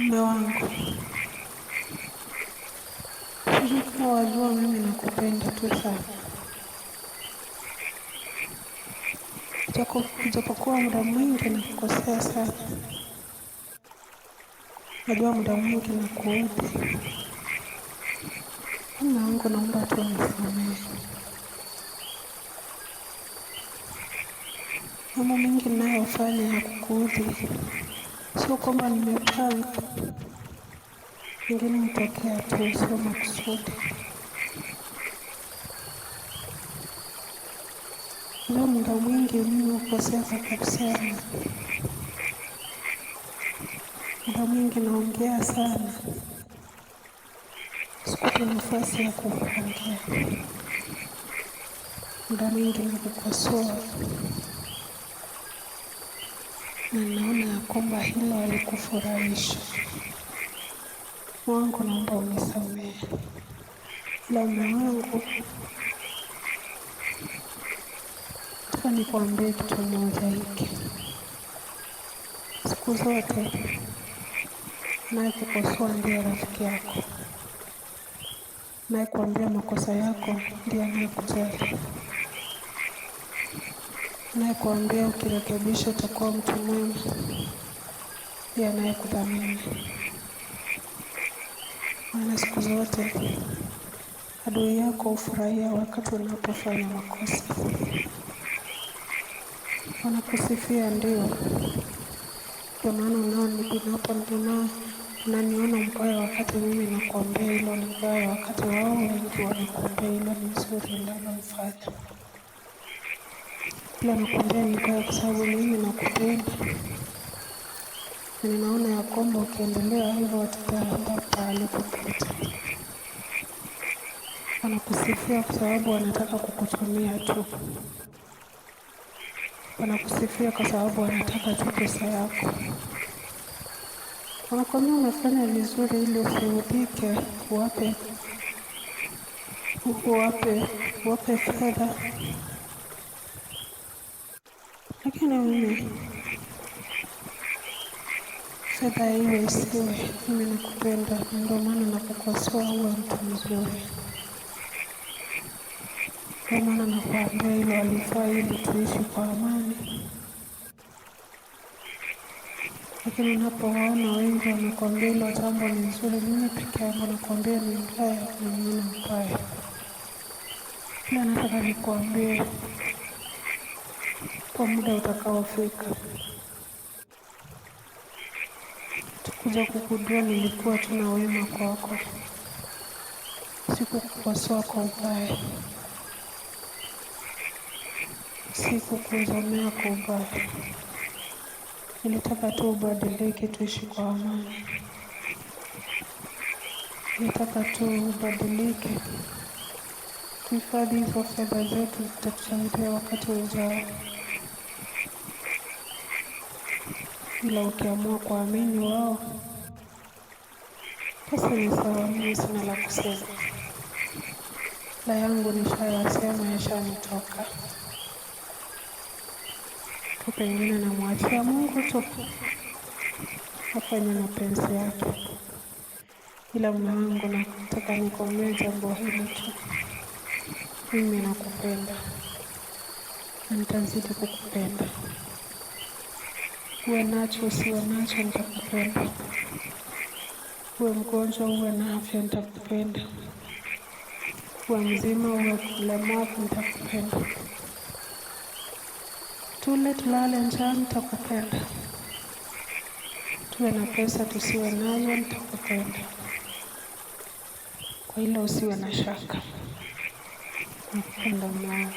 Mume wangu, kama wajua, mimi nakupenda tu sana, japokuwa muda mwingi nakukosea sana. Najua muda mwingi nakuudhi. Mume wangu, naomba tu unisamehe. Mambo mengi ninayofanya ya kukuudhi sio kwamba nimepanga, ingenitokea tu, sio makusudi. Leo muda mwingi mimi ukoseka kusema, muda mwingi naongea sana, sikupa nafasi ya kuongea, muda mwingi nikukosoa Ninaona ya kwamba hilo alikufurahisha wangu naomba unisamehe. La wangu, nataka nikuambie kitu moja hiki. Siku zote nayekukosoa ndiye rafiki yako, nayekuambia makosa yako ndio anayekujali. Anayekuambia ukirekebisha utakuwa mtu mwema, ndiye anayekudhamini. Maana siku zote adui yako hufurahia wakati unapofanya makosa. Wanakusifia ndio, ndio maana unaoniona unaniona mbaya wakati mimi nakuambia hilo ni mbaya, wakati wao wengi wanakuambia hilo ni nzuri linalomfanya kila nakwambia nikaa kwa sababu mimi nakupenda na ninaona ya kwamba ukiendelea hivyo wataenda pahali popote. Wanakusifia kwa sababu wanataka kukutumia tu, wanakusifia kwa sababu wanataka tu pesa yako. Wanakwambia unafanya vizuri ili usiudike wape wape wape fedha lakini mimi fedha hiyo isiwe. Mimi nakupenda, ndio maana nakukosoa, huwa mtu mzuri, ndio maana nakuambia hilo walifaa, ili tuishi kwa amani. Lakini unapowaona wengi wanakuambia hilo jambo ni nzuri, mimi peke yangu nakuambia ni mbaya, na mimi mbaya pia nataka nikuambie kwa muda utakaofika. Tukuja kukudua nilikuwa tu na wema kwako, sikukukosoa kwa ubaya, sikukuzomea kwa ubaya. Nilitaka tu ubadilike, tuishi kwa amani. Nilitaka tu ubadilike. Tuhifadhi hizo fedha zetu, zitatusaidia wakati ujao. ila ukiamua kuamini wao, sasa ni sawa. Mimi sina la kusema, la yangu nishayasema, yashanitoka tu, pengine namwachia Mungu tu afanye mapenzi yake, ila mume wangu, nataka nikomee jambo hili tu. Mimi nakupenda na nitazidi kukupenda. Uwe nacho usiwe nacho, nitakupenda. Uwe mgonjwa uwe na afya, nitakupenda. Uwe mzima uwe mlemavu, nitakupenda. Tule tulale njaa, nitakupenda. Tuwe na pesa tusiwe nayo, nitakupenda. Kwa hilo usiwe na shaka, nakupenda Mungu.